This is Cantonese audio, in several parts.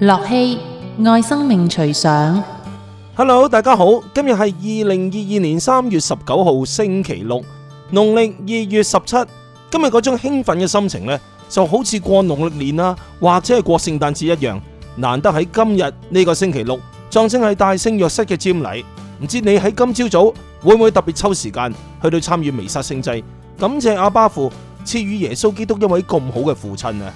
樂器愛生命隨想，Hello，大家好，今日係二零二二年三月十九號星期六，農曆二月十七。今日嗰種興奮嘅心情呢，就好似過農曆年啊，或者係過聖誕節一樣。難得喺今日呢個星期六，撞正係大聖若瑟嘅瞻禮，唔知你喺今朝早會唔會特別抽時間去到參與彌撒聖祭，感謝阿巴父賜予耶穌基督一位咁好嘅父親啊！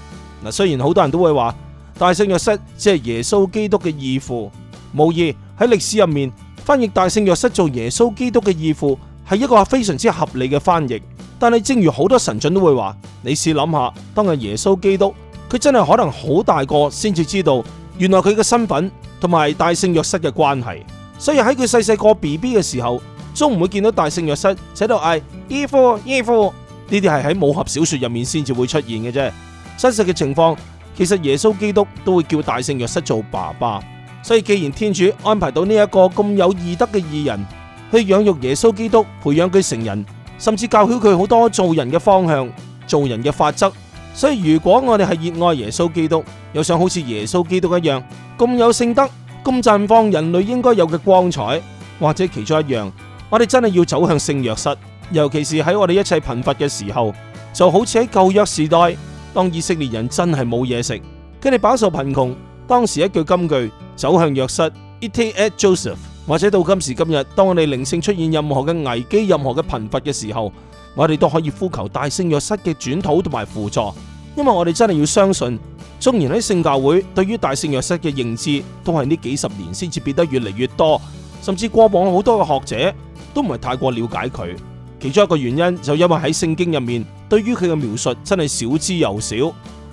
嗱，雖然好多人都會話。大聖約瑟，即係耶穌基督嘅義父。無疑喺歷史入面翻譯大聖約瑟做耶穌基督嘅義父係一個非常之合理嘅翻譯。但係正如好多神准都會話，你試諗下，當日耶穌基督佢真係可能好大個先至知道原來佢嘅身份同埋大聖約瑟嘅關係。所以喺佢細細個 B B 嘅時候，都唔會見到大聖約瑟喺度「嗌義父義父」，呢啲係喺武俠小說入面先至會出現嘅啫。真實嘅情況。其實耶穌基督都會叫大聖約瑟做爸爸，所以既然天主安排到呢一個咁有義德嘅義人去養育耶穌基督，培養佢成人，甚至教曉佢好多做人嘅方向、做人嘅法則，所以如果我哋係熱愛耶穌基督，又想好似耶穌基督一樣咁有聖德、咁綻放人類應該有嘅光彩，或者其中一樣，我哋真係要走向聖約瑟，尤其是喺我哋一切貧乏嘅時候，就好似喺舊約時代。當以色列人真係冇嘢食，佢哋飽受貧窮。當時一句金句，走向若瑟，Ite ad Joseph。或者到今時今日，當我哋靈性出現任何嘅危機、任何嘅貧乏嘅時候，我哋都可以呼求大聖若瑟嘅轉禱同埋輔助。因為我哋真係要相信，縱然喺聖教會對於大聖若瑟嘅認知都係呢幾十年先至變得越嚟越多，甚至過往好多嘅學者都唔係太過了解佢。其中一個原因就因為喺聖經入面。對於佢嘅描述真係少之又少，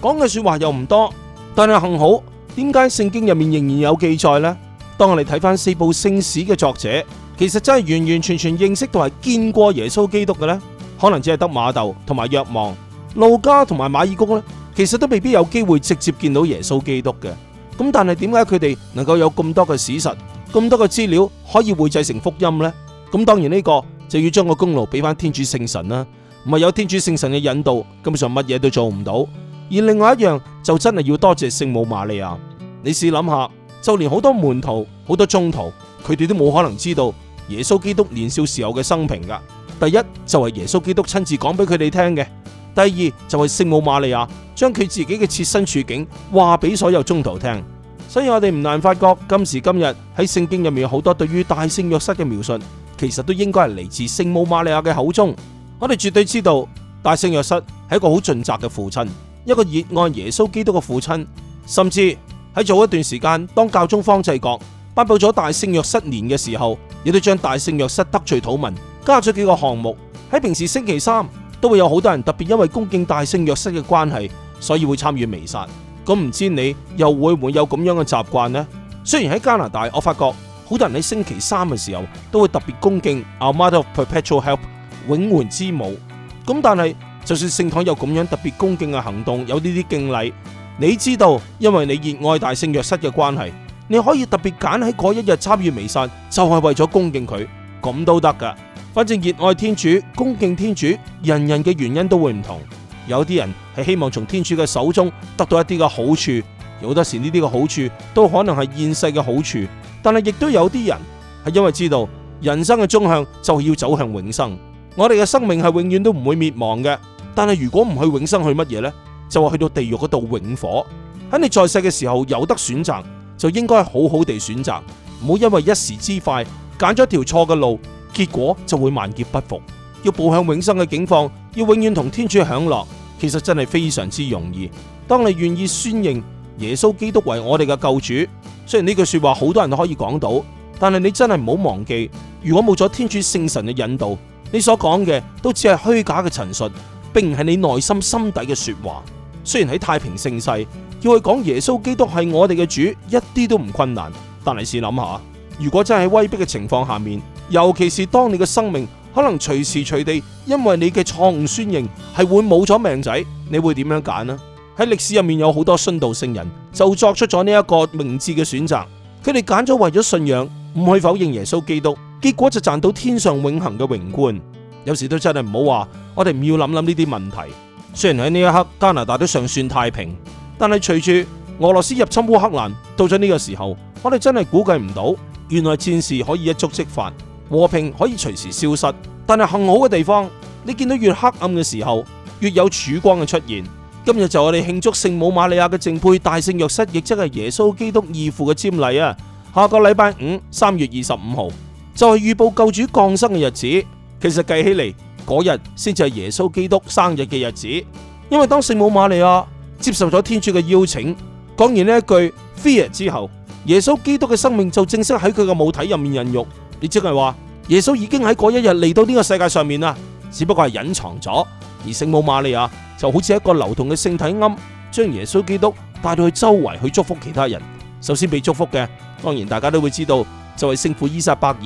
講嘅說話又唔多，但係幸好，點解聖經入面仍然有記載呢？當我哋睇翻，四部聖史嘅作者，其實真係完完全全認識到係見過耶穌基督嘅呢，可能只係得馬竇同埋若望，路加同埋馬爾谷呢，其實都未必有機會直接見到耶穌基督嘅。咁但係點解佢哋能夠有咁多嘅史實、咁多嘅資料可以匯製成福音呢？咁當然呢個就要將個功勞俾翻天主聖神啦。唔係有天主聖神嘅引導，根本上乜嘢都做唔到。而另外一樣就真係要多謝聖母瑪利亞。你試諗下，就連好多門徒、好多宗徒，佢哋都冇可能知道耶穌基督年少時候嘅生平噶。第一就係、是、耶穌基督親自講俾佢哋聽嘅，第二就係、是、聖母瑪利亞將佢自己嘅切身處境話俾所有宗徒聽。所以我哋唔難發覺，今時今日喺聖經入面好多對於大聖約瑟嘅描述，其實都應該係嚟自聖母瑪利亞嘅口中。我哋絕對知道大聖若瑟係一個好盡責嘅父親，一個熱愛耶穌基督嘅父親。甚至喺早一段時間當教宗方濟各頒布咗大聖若瑟年嘅時候，亦都將大聖若瑟嘅禱文，加咗幾個項目。喺平時星期三都會有好多人特別因為恭敬大聖若瑟嘅關係，所以會參與彌撒。咁唔知你又會唔會有咁樣嘅習慣呢？雖然喺加拿大，我發覺好多人喺星期三嘅時候都會特別恭敬 Our Mother of Perpetual Help。永援之母咁，但係就算聖堂有咁樣特別恭敬嘅行動，有呢啲敬禮，你知道，因為你熱愛大聖若瑟嘅關係，你可以特別揀喺嗰一日參與彌撒，就係為咗恭敬佢咁都得噶。反正熱愛天主、恭敬天主，人人嘅原因都會唔同。有啲人係希望從天主嘅手中得到一啲嘅好處，好多時呢啲嘅好處都可能係現世嘅好處，但係亦都有啲人係因為知道人生嘅終向就係要走向永生。我哋嘅生命係永遠都唔會滅亡嘅，但係如果唔去永生去乜嘢呢？就話去到地獄嗰度永火。喺你在世嘅時候有得選擇，就應該好好地選擇，唔好因為一時之快揀咗一條錯嘅路，結果就會萬劫不復。要步向永生嘅境況，要永遠同天主享樂，其實真係非常之容易。當你願意宣認耶穌基督為我哋嘅救主，雖然呢句說話好多人都可以講到，但係你真係唔好忘記，如果冇咗天主聖神嘅引導。你所講嘅都只係虛假嘅陳述，並唔係你內心心底嘅說話。雖然喺太平盛世，要去講耶穌基督係我哋嘅主，一啲都唔困難。但係試諗下，如果真係喺威逼嘅情況下面，尤其是當你嘅生命可能隨時隨地因為你嘅錯誤宣認係會冇咗命仔，你會點樣揀呢？喺歷史入面有好多殉道聖人，就作出咗呢一個明智嘅選擇，佢哋揀咗為咗信仰唔去否認耶穌基督。結果就賺到天上永恒嘅榮冠。有時都真係唔好話，我哋唔要諗諗呢啲問題。雖然喺呢一刻加拿大都尚算太平，但係隨住俄羅斯入侵烏克蘭，到咗呢個時候，我哋真係估計唔到，原來戰事可以一觸即發，和平可以隨時消失。但係幸好嘅地方，你見到越黑暗嘅時候，越有曙光嘅出現。今日就我哋慶祝聖母瑪利亞嘅淨配大聖若瑟，亦即係耶穌基督義父嘅瞻禮啊。下個禮拜五，三月二十五號，就係預報救主降生嘅日子，其實計起嚟嗰日先至係耶穌基督生日嘅日子，因為當聖母瑪利亞接受咗天主嘅邀請，講完呢一句 “Fear” 之後，耶穌基督嘅生命就正式喺佢嘅母體入面孕育。你即係話耶穌已經喺嗰一日嚟到呢個世界上面啦，只不過係隱藏咗，而聖母瑪利亞就好似一個流動嘅聖體龕，將耶穌基督帶到去周圍去祝福其他人。首先被祝福嘅，當然大家都會知道。就係聖父伊薩伯爾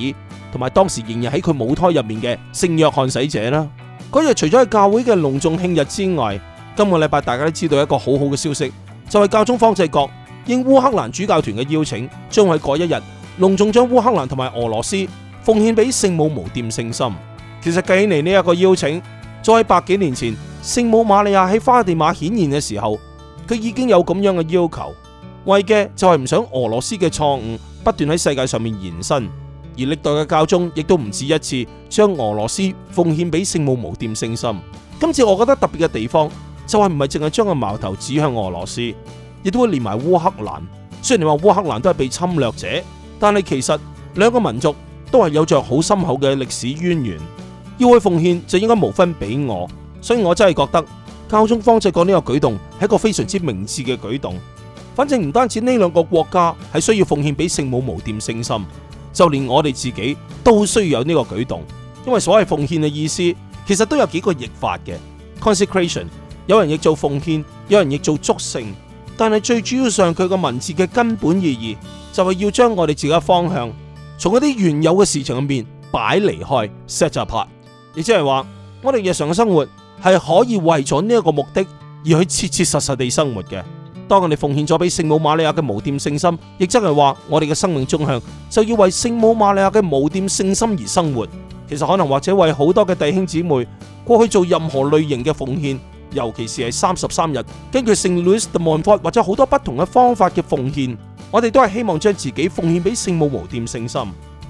同埋當時仍然喺佢母胎入面嘅聖約翰洗者啦。嗰日除咗喺教會嘅隆重慶日之外，今個禮拜大家都知道一個好好嘅消息，就係、是、教宗方濟各應烏克蘭主教團嘅邀請，將喺嗰一日隆重將烏克蘭同埋俄羅斯奉獻俾聖母無玷聖心。其實計起嚟呢一個邀請，在百幾年前聖母瑪利亞喺花地瑪顯現嘅時候，佢已經有咁樣嘅要求，為嘅就係唔想俄羅斯嘅錯誤。不斷喺世界上面延伸，而歷代嘅教宗亦都唔止一次將俄羅斯奉獻俾聖母無玷聖心。今次我覺得特別嘅地方就係唔係淨係將個矛頭指向俄羅斯，亦都會連埋烏克蘭。雖然你話烏克蘭都係被侵略者，但係其實兩個民族都係有着好深厚嘅歷史淵源。要去奉獻就應該無分彼我，所以我真係覺得教宗方濟各呢個舉動係一個非常之明智嘅舉動。反正唔單止呢兩個國家係需要奉獻俾聖母無玷聖心，就連我哋自己都需要有呢個舉動。因為所謂奉獻嘅意思，其實都有幾個譯法嘅 consecration。Consecration, 有人亦做奉獻，有人亦做祝聖，但係最主要上佢個文字嘅根本意義就係、是、要將我哋自己嘅方向從嗰啲原有嘅事情入面擺離開 set apart。亦即係話我哋日常嘅生活係可以為咗呢一個目的而去切切實實地生活嘅。當我哋奉獻咗俾聖母瑪利亞嘅無玷聖心，亦即係話我哋嘅生命方向，就要為聖母瑪利亞嘅無玷聖心而生活。其實可能或者為好多嘅弟兄姊妹過去做任何類型嘅奉獻，尤其是係三十三日，根據聖 Louis de Montfort 或者好多不同嘅方法嘅奉獻，我哋都係希望將自己奉獻俾聖母無玷聖心。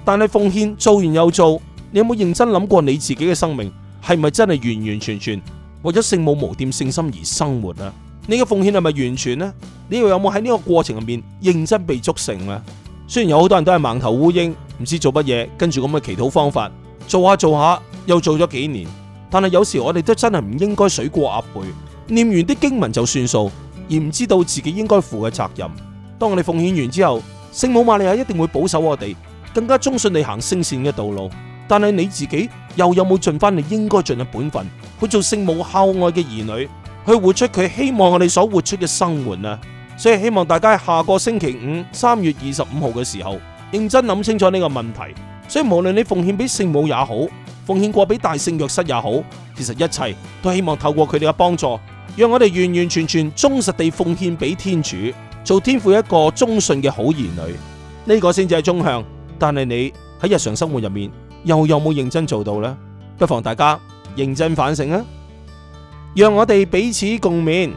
但係奉獻做完又做，你有冇認真諗過你自己嘅生命係咪真係完完全全為咗聖母無玷聖心而生活啊？你嘅奉獻係咪完全呢？你又有冇喺呢個過程入面認真被捉成啊？雖然有好多人都係盲頭烏蠅，唔知做乜嘢，跟住咁嘅祈禱方法做下做下，又做咗幾年，但係有時我哋都真係唔應該水過鴨背，念完啲經文就算數，而唔知道自己應該負嘅責任。當我哋奉獻完之後，聖母瑪利亞一定會保守我哋，更加忠信地行聖善嘅道路。但係你自己又有冇盡翻你應該盡嘅本分，去做聖母孝愛嘅兒女？去活出佢希望我哋所活出嘅生活啊！所以希望大家下個星期五三月二十五號嘅時候認真諗清楚呢個問題。所以無論你奉獻俾聖母也好，奉獻過俾大聖若瑟也好，其實一切都希望透過佢哋嘅幫助，讓我哋完完全全忠實地奉獻俾天主，做天父一個忠信嘅好兒女。呢個先至係中向，但係你喺日常生活入面又有冇認真做到呢？不妨大家認真反省啊！讓我哋彼此共勉。